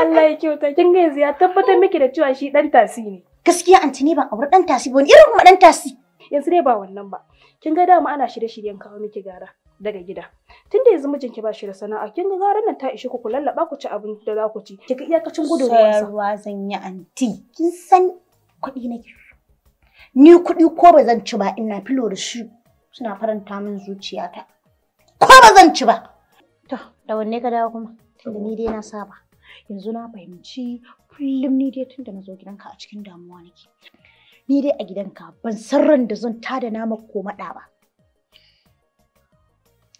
Allah ya kyauta kin ga yanzu ya tabbatar miki da cewa shi dan tasi ne. Gaskiya anti ne ban aure dan tasi ba irin kuma dan tasi. Yanzu dai ba wannan ba. Kin ga dama ana shirye-shiryen kawo miki gara daga gida. Tunda yanzu mijin ki ba shi da sana'a kin ga garan nan ta ishe ku ku lallaba ku ci abin da za ku ci. Ki ga iyakacin gudun ruwan ruwa zan yi anti. Kin san kuɗi ki. Ni kuɗi ko ba zan ci ba ina filo da shi suna faranta min zuciyata. Ko ba zan ci ba. To, da wanne ka dawo kuma? Tunda ni dai na saba. yanzu na fahimci kullum ni dai tun da na zo gidanka a cikin damuwa nake ni dai a gidanka ban san ran da zan tada nama ko maɗa ba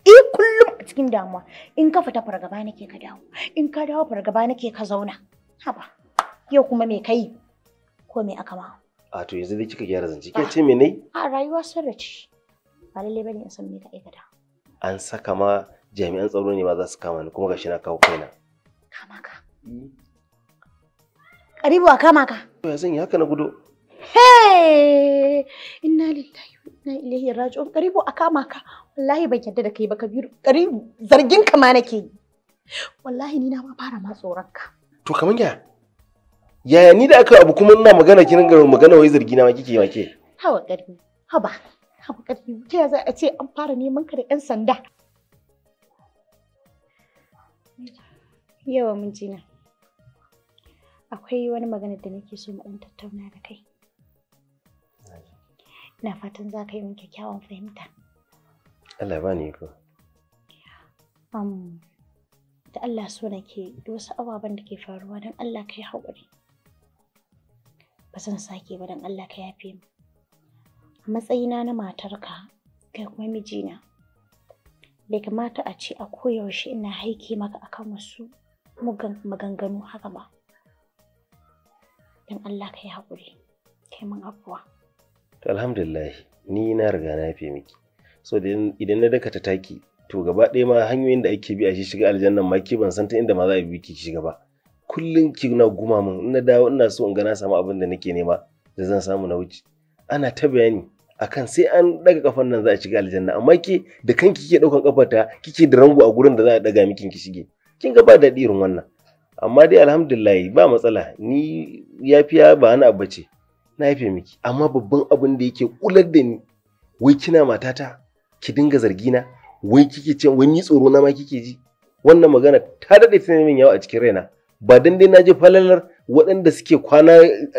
eh kullum a cikin damuwa in ka fita fargaba nake ka dawo in ka dawo fargaba nake ka zauna haba yau kuma me kai ko me aka ma a to yanzu dai kika gyara zance ke ah. ce me ne? a rayuwa sarrace ba lalle bane in san me ka aikata an saka ma jami'an tsaro ne ba za su kama ni kuma gashi na kawo kaina Kama Karibu a kama ka. Ya hmm. zan yi haka na gudu. Hey! Inna lillahi wa inna ilaihi raji'un. Karibu a kama ka. Wallahi ban yarda da kai ba Kabiru. Karibu zargin ka ma nake yi. Wallahi ni na ma fara ma tsoron ka. To kaman ya? Yaya ni da aka abu kuma ina magana kin ga magana wai zargi na ma kike ma ke? Hawa Karibu. Haba. Haba Karibu. Ta za a ce an fara neman ka da 'yan sanda. Yawa mijina. Akwai wani magana da nake so mu tattauna da kai. Ina fatan za ka yi min kyakkyawan fahimta. Allah ba ni ko. Um, da Allah so nake da wasu ababen da ke faruwa don Allah ka yi haƙuri. Ba zan sake ba don Allah ka yafe mu. Matsayina na matarka kai kuma mijina. Bai kamata a ce a koyaushe ina haike maka akan wasu maganganu haka ba don Allah ka yi haƙuri kai mun afuwa to alhamdulillah ni na riga na fi miki so idan na daka ta taki to gaba ɗaya ma hanyoyin da ake bi a shi shiga aljanna ma ki ban san ta inda ma za a bi ki shiga ba kullum ki na guma mun, in na dawo ina so in ga na samu abin da nake nema da zan samu na wuce ana ta bayani akan sai an daga kafan nan za a shiga aljanna amma ke da kanki kike daukan kafarta kike da rango a gurin da za a daga miki ki shige kin ga ba daɗi irin wannan amma dai alhamdulillah ba matsala ni yafiya ba wani abu ce na yafe miki amma babban abin da yake kular da ni wai kina matata ki dinga zargina wai kike ce wai ni tsoro na ma kike ji wannan magana ta daɗe ta min yawa a cikin raina ba dan dai naje falalar waɗanda suke kwana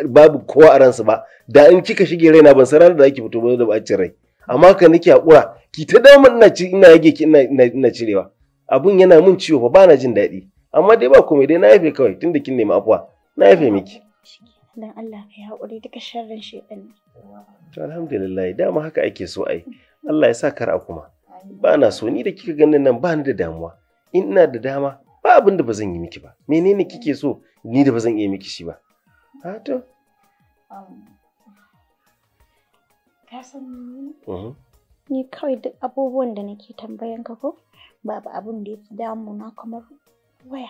babu kowa a ransu ba da in kika shige raina ban san ranar da zaki fito ba da cikin rai amma ka nake hakura ki ta damar ina ci ina yage ki ina cirewa abun yana mun ciwo fa bana jin daɗi amma dai ba komai dai na yafe kawai tunda kin nemi afuwa na yafe miki dan Allah ka duka sharrin shedan to alhamdulillah dama haka ake so ai Allah ya sa kar a kuma ba na so ni da kika ganin nan bani da damuwa in ina da dama ba abin da ba yi miki ba menene kike so ni da ba zan iya miki shi ba ha to um, ka san mhm. ni kawai duk abubuwan da nake tambayan ka ko babu abin da ya fi damuna kamar waya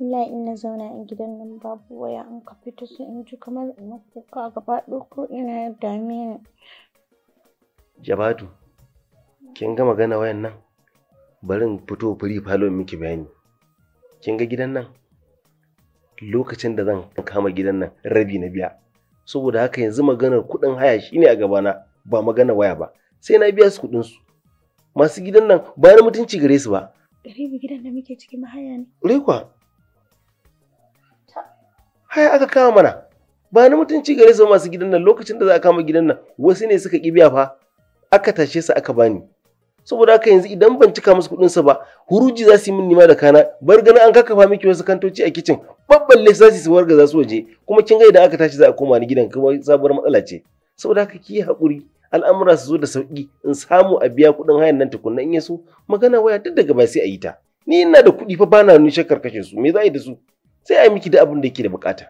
Ila ina na zauna a gidan nan babu waya in ka fita su in ji kamar in kuka gaba ko ina ya dame ni jabatu kin ga magana wayan nan barin fito firi falo miki bayani kin ga gidan nan lokacin da zan kama gidan nan rabi na biya saboda haka yanzu maganar kuɗin haya shine a gabana ba magana waya ba sai na biya su kuɗin su masu gidan nan ba na mutunci gare su ba. Garibi gidan da muke cikin mahaya ne. Rekwa. Haya aka kama mana. Ba na mutunci gare su masu gidan nan lokacin da za a kama gidan nan wasu ne suka ƙi biya fa aka tashe su aka bani. Saboda haka yanzu idan ban cika musu kuɗin sa ba huruji za su yi min nima da kana bar ganin an kakkafa miki wasu kantoci a kicin babballe za su warga za su waje kuma kin ga idan aka tashi za a koma ni gidan kuma sabuwar matsala ce. Saboda haka ki yi haƙuri. al'amura su zo da sauki in samu a biya kuɗin hayan nan tukunna in ya so magana waya duk daga ba sai a yi ta ni ina da kuɗi fa bana ni shakkar kashe su me za a yi da su sai a yi miki da abin da yake da bukata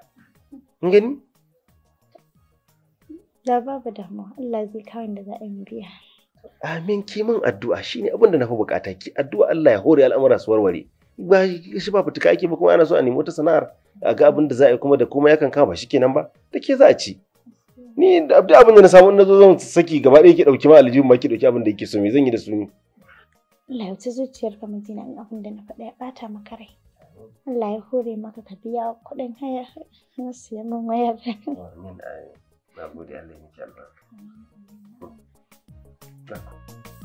in gani da babu damuwa Allah zai kawo da za a yi biya amin ki min addu'a shine abin da na fi bukata ki addu'a Allah ya hore al'amura su warware ba shi ba fituka ake ba kuma ana so a nemi wata sana'ar a ga abin da za a yi kuma da kuma yakan ba shi kenan ba take za a ci ni da abin da na samu na zo zan saki gaba ɗaya ki ɗauki ma aljihun ma ki ɗauki abin da yake so me zan yi da su ni. Allah ya zuciyar ka mijina in abin da na faɗa ya ɓata maka rai. Allah ya hore maka ka biya kuɗin haya na siya min wayar. Amin Na gode Allah ya Thank you.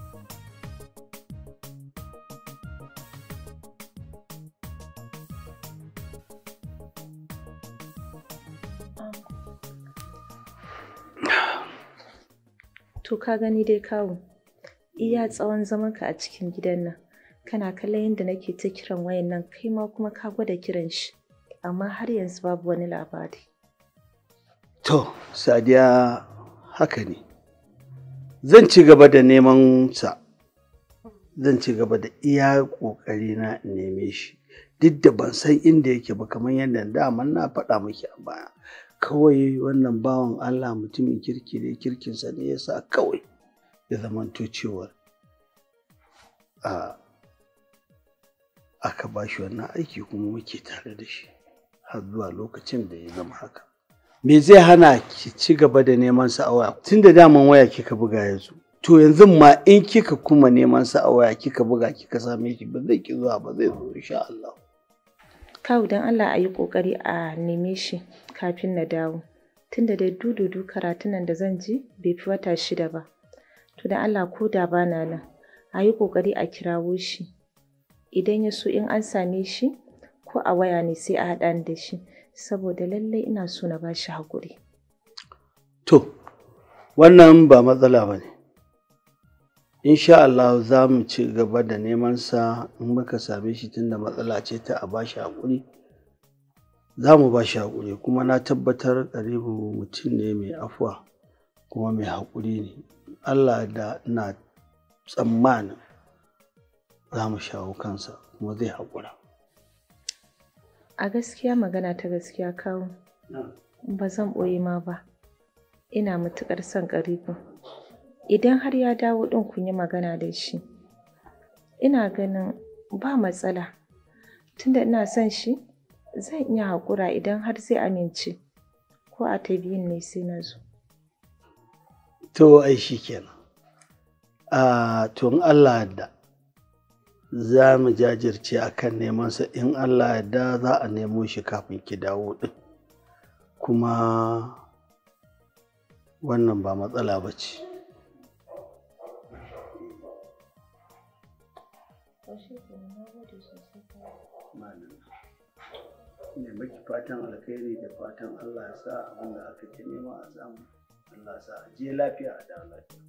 To ka gani dai kawu? iya tsawon zamanka a cikin gidan nan, kana kallon yadda nake ta kiran wayan nan kai ma kuma ka gwada kiran shi, amma har yanzu babu wani labari. To, Sadiya haka ne. Zan ci gaba da neman sa, zan ci gaba da iya kokari na neme shi, duk da ban san inda yake ba kamar yadda daman na faɗa miki a baya. kawai wannan bawan Allah mutumin kirki ne kirkinsa ne ya sa kawai ya zamanto cewar aka ba shi wannan aiki kuma muke tare da shi har zuwa lokacin da ya zama haka. Me zai hana ki ci gaba da neman sa'awa tun da daman waya kika buga yanzu. To yanzu ma in kika kuma neman sa'awa kika buga kika same shi ba zai ki zuwa ba zai zo insha Allah. Kau don Allah a yi ƙoƙari a neme shi kafin na dawo tunda dai dududu karatunan da zan ji bai fi wata shida ba to don Allah ko da ba na nan a yi ƙoƙari a kirawo shi idan ya so in an same shi ko a waya ne sai a haɗa ni da shi saboda lallai ina so na ba shi haƙuri to wannan ba matsala ba ne insha Allah za mu ci gaba da neman sa in muka same shi tunda matsala ce ta a bashi haƙuri za mu bashi hakuri kuma na tabbatar ƙaribu mutum ne mai afuwa kuma mai hakuri ne Allah da na tsammanin za mu shawo kansa kuma zai hakura. a gaskiya magana ta gaskiya kawo ba zan ɓoye ma ba ina matuƙar son ƙaribin idan har ya dawo ɗin kun yi magana da shi ina ganin ba matsala tunda ina son shi zan iya haƙura idan har zai amince ko a ta biyun ne sai na zo to ai shi kenan a tun allah da za mu jajirce a kan nemansa in Allah yarda za a nemo shi kafin ki dawo ɗin kuma wannan ba matsala ba ce to shi kenan na gode sosai malam ne maki fatan alkhairi da fatan Allah ya sa abin da aka ta nema a samu Allah ya sa a lafiya a dawo lafiya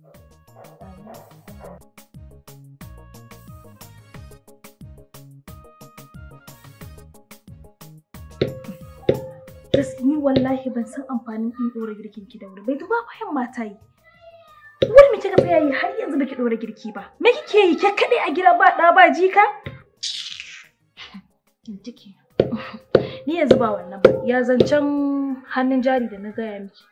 ni wallahi ban san amfanin in ɗora girkin ki da wuri bai duba bayan mata yi kika tsaya yi har yanzu baki ɗora girki ba me kike yi ke kaɗai a gida ba ɗa ba jika ni yanzu ba wannan ba ya zancen hannun jari da na gaya miki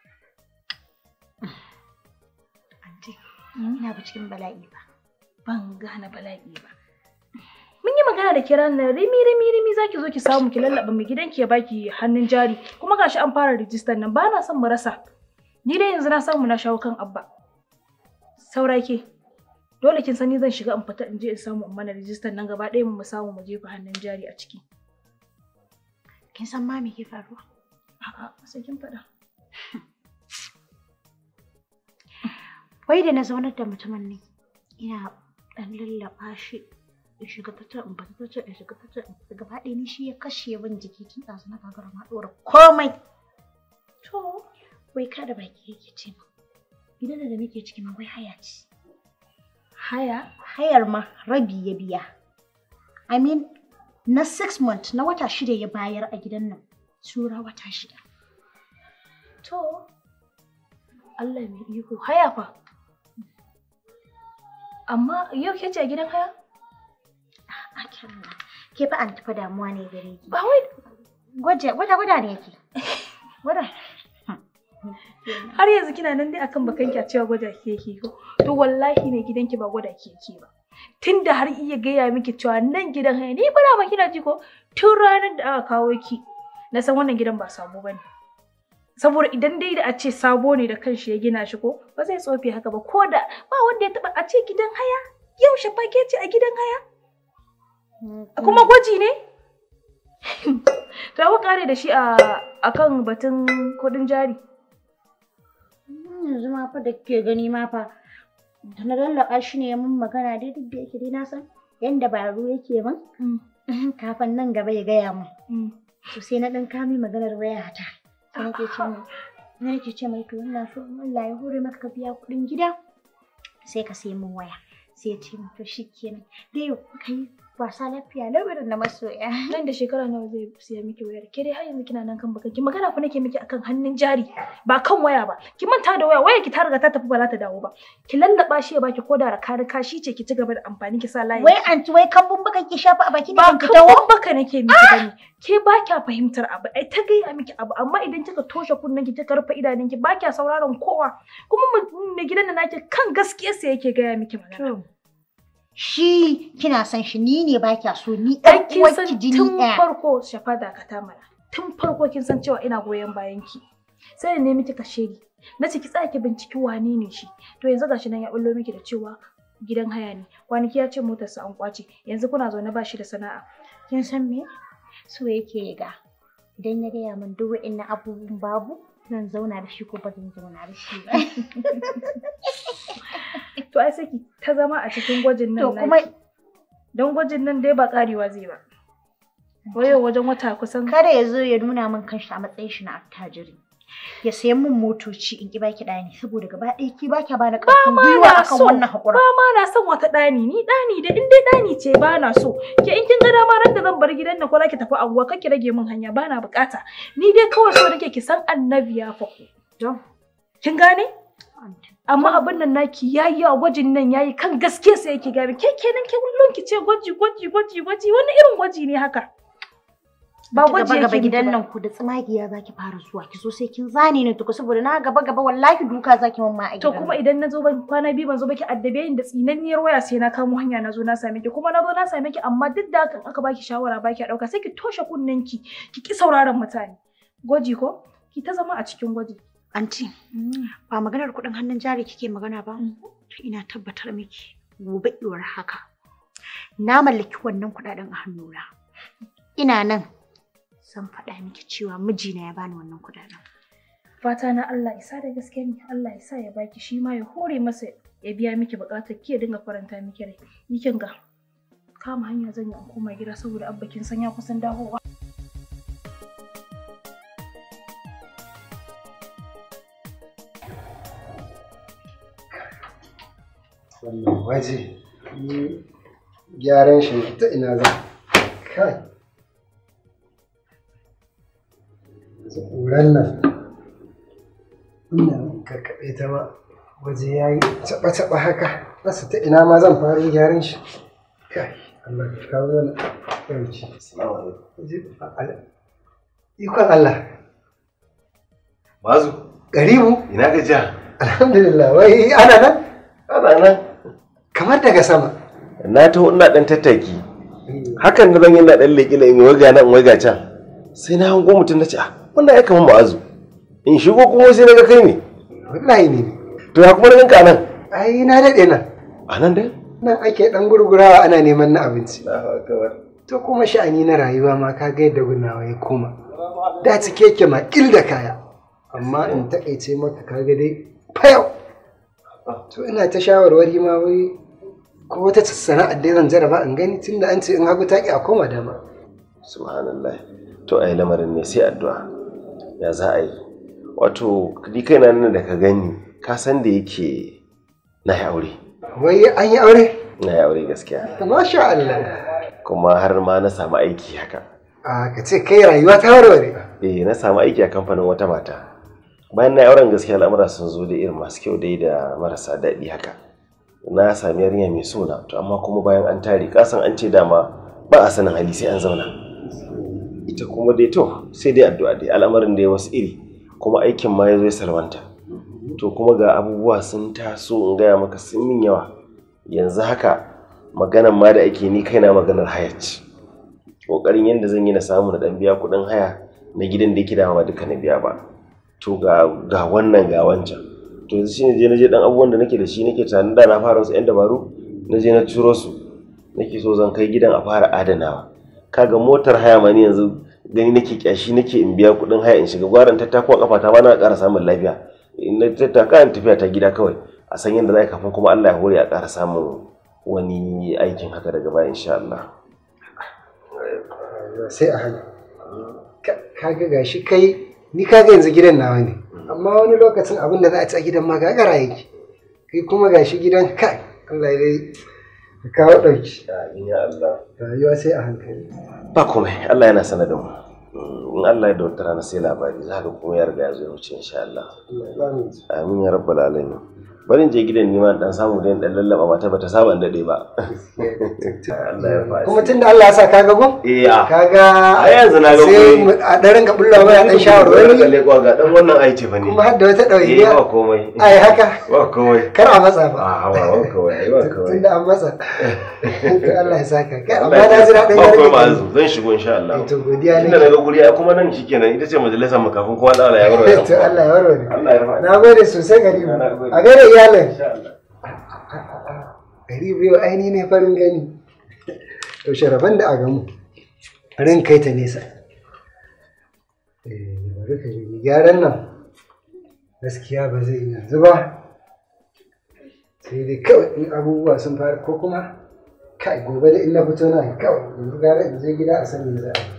anti hmm? ina ba cikin bala'i ba ban gane bala'i ba mun yi magana da kiran na rimi rimi rimi zaki zo ki samu ki lallaba mai ki ya baki hannun jari kuma gashi an fara rijistar nan ba na son mu rasa ni dai yanzu na samu na shawo kan abba Sauraki, dole kin sani zan shiga in fita in je in samu in mana rijistar nan gaba ɗaya mu samu mu jefa hannun jari a ciki kin san ma me ke faruwa a'a sai kin faɗa wai da na zaunar da mutumin ne ina ɗan lallaɓa shi in shiga ta in fita ta ce, in shiga ta in fita gaba ɗaya ni shi ya kashe yawan jiki tun ɗazu na gagara ma ɗora komai to wai kada baki yake ce min gidan da nake ciki ma wai haya ce haya hayar ma rabi ya biya i mean na six month na wata shida ya bayar a gidan nan sura wata shida to Allah mai iko haya fa amma yau ke ce a gidan haya a kyalla ke fa an tafa damuwa ne gare ki ba wai gwada gwada ne yake gwada har yanzu kina nan dai akan bakanki a cewa gwada ke yake ko to wallahi ne gidanki ba gwada keke yake ba tunda har iya gaya miki cewa nan gidan haya ne ba ba kina ji ko tun ranar da aka kawo ki na san wannan gidan ba sabo bane saboda idan dai da a ce sabo ne da kanshi ya gina shi ko ba zai tsofe haka ba ko da ba wanda ya taba a ce gidan haya yau shafake ce a gidan haya kuma gwaji ne ta kare da shi a akan batun kudin jari Hmm, yanzu ma fa da ke gani ma fa da na lallaka shi ne mun magana dai duk da yake dai na san yanda baro yake min hmm. kafin nan gaba ya gaya min hmm. to sai na dan kame maganar waya ta sai nake ce mai na nake ce mai to ina so Allah ya hore maka ka biya kuɗin gida sai ka sai mun waya sai ya ce min to shikenan dai kai wasa lafiya lau irin na masoya. Nan da shekara nawa zai siya miki wayar? Ke dai har yanzu kina nan kan ki Magana ku nake miki akan hannun jari ba kan waya ba. Ki manta da waya, waya ki ta riga ta tafi ba za ta dawo ba. Ki lallaba shi ya baki koda raka raka shi ce ki ci gaba da amfani ki sa layi. Wai anti wai kan bun baka ki shafa a baki kan ki dawo. Ba kan baka nake miki ah! bane. Ke ba kya fahimtar abu. Ai ta gaya miki abu amma idan kika toshe kunnen ki kika rufe idanun ki ba kya sauraron kowa. Kuma mai gidan da nake kan gaskiyar sa yake gaya miki magana. shi kina san shi ni ne ba kya so ni ɗan uwarki jini ɗaya. Tun farko shafa dakata mana. Tun farko kin san cewa ina goyon bayan ki. Sai ne miki kashiri. Na ciki ki ki binciki wani ne shi. To yanzu gashi nan ya bullo miki da cewa gidan haya ne. Kwanaki ya ce motarsa an kwace. Yanzu kuna zaune ba shi da sana'a. Kin san me? So yake ga. Idan ya gaya min duk wa'innan abubuwan babu zan zauna da shi ko ba zan zauna da shi ba. to ai sai ta zama a cikin gwajin nan kuma don gwajin nan dai ba karewa zai ba wayo wajen wata kusan kada ya zo ya nuna min kanshi a matsayin shi na attajiri ya sayan min motoci in ki baki ɗani saboda gaba ɗaya ki baki bani ƙarfin gwiwa akan wannan haƙura ba ma na son wata ɗani ni ɗani da in dai ɗani ce ba na so ke in kin ga dama ran da zan bar gidan nan ko za ki tafi anguwa kar ki rage min hanya ba na buƙata ni dai kawai so nake ki san annabi ya faku don kin gane amma abin nan naki yayi a gwajin nan yayi kan gaske sai yake gami ke kenan ke kullun ki ce gwaji gwaji gwaji gwaji wani irin gwaji ne haka ba gwaji ba gidan nan ku da tsumagiya zaki fara zuwa ki so sai kin zane ni ko saboda na gaba gaba wallahi duka zaki mamma a gidan to kuma idan nazo ban kwana biyu ban zo baki addabe ni da tsinanniyar waya sai na kamo hanya nazo na same ki kuma nazo na same ki amma duk da kan aka baki shawara baki dauka sai ki toshe kunnen ki ki ki sauraron mutane gwaji ko ki ta zama a cikin gwaji Anti, mm. ba maganar kuɗin hannun jari kike magana ba? Mm. ina tabbatar miki gobe iwar haka. Na mallaki wannan kudaden a hannuna. Ina nan zan faɗa miki cewa mijina ya bani wannan kudaden. Fata na Allah isa da gaske ne Allah ya sa ya baki shi ma ya hore masa ya biya miki bukatar ki ya dinga faranta miki rai. Ni ga kama hanya zan yi in koma gida saboda abbakin kin san kusan dawowa. wannan waje gyaran shi ta ina za kai tsoron nan ina karkaɗe ta ma waje ya yi taɓa-taɓa haka nasa ta ina ma zan fara gyaran shi kai Allah ka kawo mana ɗauki ikon Allah mazu garibu ina gajiya alhamdulillah wai ana nan ana nan kamar daga sama na taho ina dan tattaki hakan da zan yi na dan leƙi in waga na in waga can sai na hango mutum na ce ah wannan ya kamar ma'azu in shigo kuma sai na ga kai ne wallahi ne to ya kuma na ka nan ai na daɗe nan a nan dai nan ake dan gurgurawa ana neman na abinci to kuma sha'ani na rayuwa ma ka ga yadda gunawa ya koma da cike keke ma kil da kaya amma in takaice maka kaga dai fayau to ina ta shawarwari ma wai ko wata a dai zan jarraba, in gani tunda an ce in hagu taki a koma dama subhanallah to ai lamarin ne sai addu'a ya za a yi wato ni na nan da ka gani ka san da yake na yi aure wai an yi aure na yi aure gaskiya masha Allah kuma har ma na samu aiki haka a ka ce kai rayuwa ta warware eh na samu aiki a kamfanin wata mata bayan na yi auren gaskiya al'amura sun zo da irin masu kyau dai da marasa daɗi haka na sami yarinya mai so to amma kuma bayan an tare kasan an ce dama ba a sanin hali sai an zauna ita kuma dai to sai dai addu'a dai al'amarin da ya wasu iri kuma aikin ma ya zo ya salwanta to kuma ga abubuwa sun taso in gaya maka sun min yawa yanzu haka maganar ma da ake ni kaina maganar hayaci kokarin yadda zan yi na samu na dan biya kuɗin haya na gidan da yake dama duka na biya ba to ga wannan ga wancan to yanzu shine je je dan abubuwan da nake da shi nake tunanin da na fara wasu yan dabaru na je na ciro su nake so zan kai gidan a fara adanawa kaga motar haya ma ni yanzu gani nake kyashi nake in biya kuɗin haya in shiga gwaran tattako a kafata ma na ƙara samun lafiya in na tattaka in tafiya ta gida kawai a san yadda za kafin kuma Allah ya hore a ƙara samun wani aikin haka daga baya insha Allah sai a hanya kaga gashi kai ni kaga yanzu gidan nawa ne amma wani lokacin abin da za a ci a gidan ma gagara yake kai kuma shi gidan kai Allah dai ka kawo ɗauki rayuwa sai a hankali ba komai Allah yana sana da mu in Allah ya da wata rana sai labari za ka kuma ya riga ya zo ya wuce insha Allah amin ya rabbal alamin bari je gidan nima dan samu da dan lallaba mata bata saba da dai ba Allah ya faɗi kuma tunda Allah ya sa kaga gon kaga a yanzu na ga sai a daren ga bulla ba ya dan wani kalle ko ga dan wannan ai fa ne kuma har da wata dauki ba komai ai haka ba komai kar a matsa ba a ba komai rayuwa kawai tunda an Allah ya saka amma na jira dan yare ba zan shigo insha Allah eh, to godiya ne tunda guri ai kuma nan shikenan ita ce majalisar mu kafin kuma Allah ya warware to Allah ya warware Allah ya na gode sosai gari a gare iyalin insha Allah gari biyo aini ne farin gani to sharaban da a gamu ran kai ta nesa eh bari ka gyaran nan gaskiya ba zai yanzu ba sai dai kawai in abubuwa sun fara ko kuma kai gobe da in na fito nan kawai yanzu gara in je gida a sani za a yi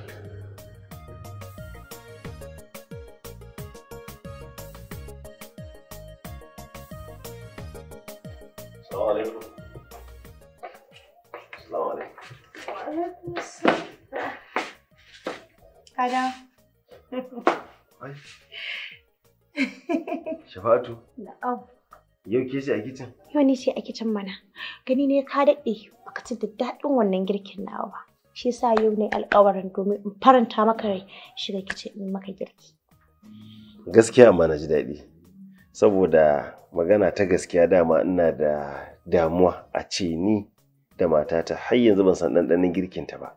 Shafatu. Na'am. Yau ke ce a kicin? Yau ne ce a kicin mana. Gani ne ka daɗe baka ci da daɗin wannan girkin nawa ba. Shi yasa yau ne alƙawarin domin in faranta maka rai shiga kicin in maka girki. Gaskiya amma na ji daɗi. Saboda magana ta gaskiya dama ina da damuwa a ce ni da matata har yanzu ban san ɗanɗanon ta ba.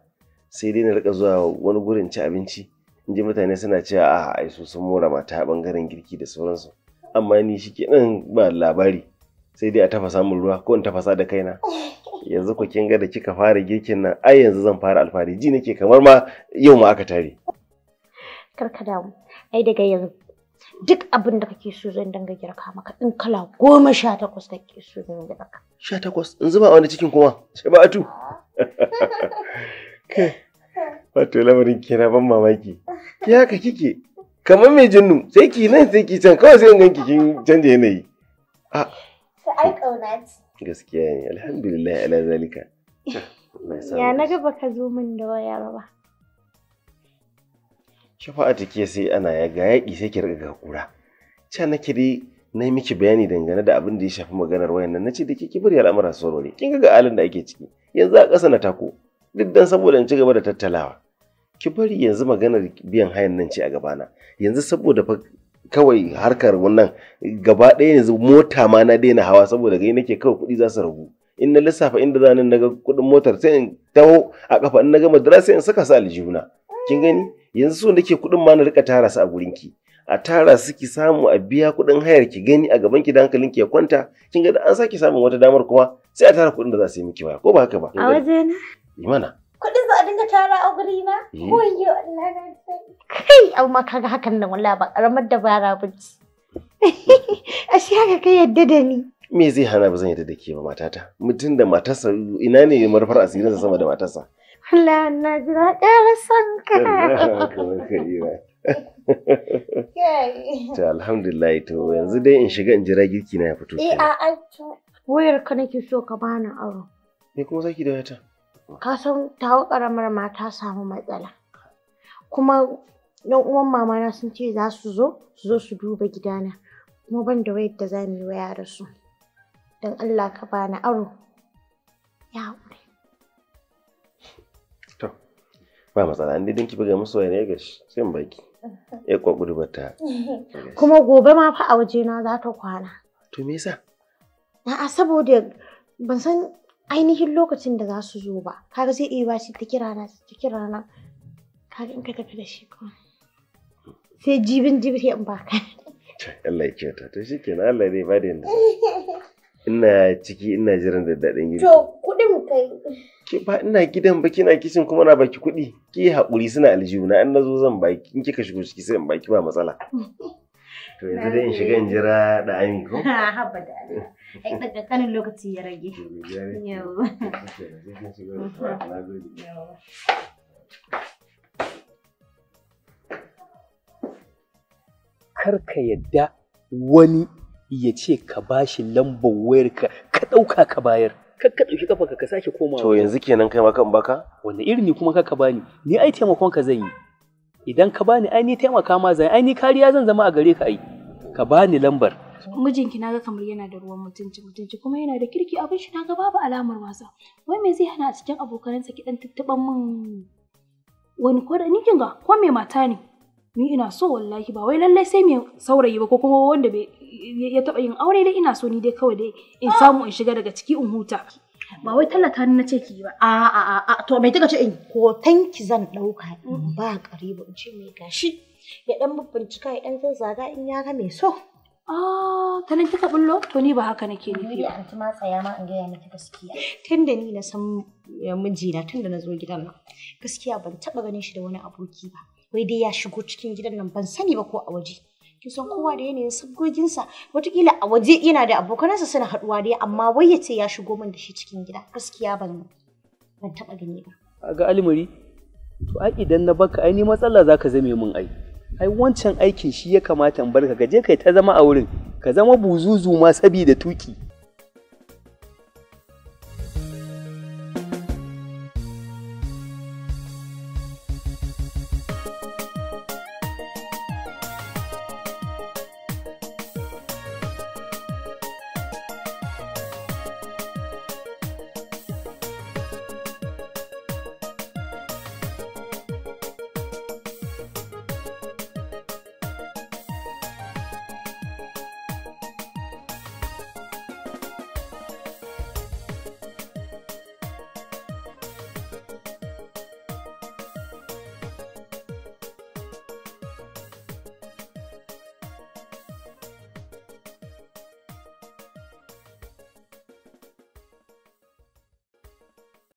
Sai dai na riƙa zuwa wani gurin ci abinci. In ji mutane suna cewa a'a ai su sun mora mata ɓangaren girki da sauransu. amma ni shi kenan ba labari sai dai a tafasa min ruwa ko in tafasa da kaina yanzu ku kin ga da kika fara girkin nan ai yanzu zan fara alfahari ji nake kamar ma yau ma aka tare karka damu ai daga yanzu duk abin da kake so zan danga girka maka din kala goma sha takwas kake so zan girka sha takwas in zuba wani cikin kuma sai ba shabatu wato lamarin kina ban mamaki ya haka kike kamar mai jinnu sai ki nan sai ki can kawai sai in ganki kin canja yanayi a ai kauna gaskiya ne alhamdulillah ala zalika ya na ga baka zo min da waya ba shafa'a take sai ana ya ga yaƙi sai ki riga kura can nake dai na miki bayani dangane da abin da ya shafi maganar wayan nan nace da ke ki bari al'amura kin ga ga halin da ake ciki yanzu a ƙasa na tako duk dan saboda in ci gaba da tattalawa ki bari yanzu maganar biyan hayan nan ce a gabana yanzu saboda fa kawai harkar wannan gaba ɗaya yanzu mota ma na daina hawa saboda gani nake kawai kuɗi za su ragu in na lissafa inda za na ga kuɗin motar sai in taho a kafa in na gama dira in saka su aljihuna kin gani yanzu so nake kuɗin ma na rika tara su a gurin ki a tara su ki samu a biya kuɗin hayar ki gani a gaban ki da hankalin ki ya kwanta kin ga an saki samun wata damar kuma sai a tara kuɗin da za su yi miki waya ko ba haka ba a wajena imana kuɗin za a dinga tara a guri na eh. wayo Allah na kai amma kaga hakan nan wallahi ba karamar dabara ba ce ashe haka ka yadda da ni me zai hana ba zan yadda da ke ba matata mutum da matarsa ina ne marfar asirinsa sama da matarsa Allah na jira ƙara son ka ta alhamdulillah to yanzu dai in shiga in jira girki na ya fito eh a wayar ka nake so ka bani aro me kuma ki da wata ka san hau ƙaramar ma ta samu matsala kuma yan uwan mamana sun ce za su zo su zo su duba gidana kuma ban da wayar da za mu yi wa yara su don allah ka bani aro ya haƙuri to ba matsala ni dinki buga musu wani ga shi sai baki ya kwakuri ba ta kuma gobe ma fa a wajena za ta kwana to me yasa a'a saboda ban san ainihin lokacin da za su zo ba kaga zai iya ba shi ta kira na ta kira na kaga in ka tafi da shi kuma sai jibin jibin in ba ka Allah ya kyauta to shi kenan Allah zai ba da yanda ina ciki ina jiran da daɗin gidan to kuɗin kai ki ba ina gidan ba kina kishin kuma na baki kuɗi ki haƙuri suna aljihu na an nazo zan baki in kika shigo ciki sai in baki ba matsala to yanzu dai in shiga in jira da ami ko haba da Allah ai daga kanin lokaci ya rage kar ka yadda wani ya ce ka bashi lambar wayarka ka ɗauka ka bayar kar ka ɗauki kafa ka sake komawa to yanzu kenan kai ma kan baka wanda irin ni kuma ka ka bani ni ai taimakon ka zan yi idan ka bani aini taimaka ma zan aini kariya zan zama a gare ka ai ka bani lambar mijinki naga kamar yana da ruwan mutunci mutunci kuma yana da kirki abin shi naga babu alamar wasa wai me zai hana a cikin abokanansa ki dan tuttuban min wani ko da nikin ga ko me mata ne ni ina so wallahi ba wai lallai sai me saurayi ba ko kuma wanda bai ya taba yin aure dai ina so ni dai kawai dai in samu in shiga daga ciki in huta ba wai tallata na nace ki ba a a a to me kika ce in hoton ki zan dauka in ba karibu in ce mai gashi ya dan bincika ya dan zazzaga in ya ga mai so Ah, ta nan kika bullo? To ni ba haka nake nufi ba. Anti ma tsaya ma in gaya miki gaskiya. Tunda ni na san eh, mijina tunda na zo gidan nan. Gaskiya ban taba ganin shi da wani aboki ba. Wai dai ya shigo cikin gidan nan ban sani ba ko a waje. kisan kowa da yanayin sabgoginsa watakila a waje yana da abokanansa suna haɗuwa dai amma wai ya ce ya shigo min da shi cikin gida gaskiya ban ban taɓa gani ba A ga almuri to ai idan na baka ai ni matsala za ka zame min ai ai wancan aikin shi ya kamata in barka ka je kai ta zama a wurin ka zama buzuzu ma sabida tuki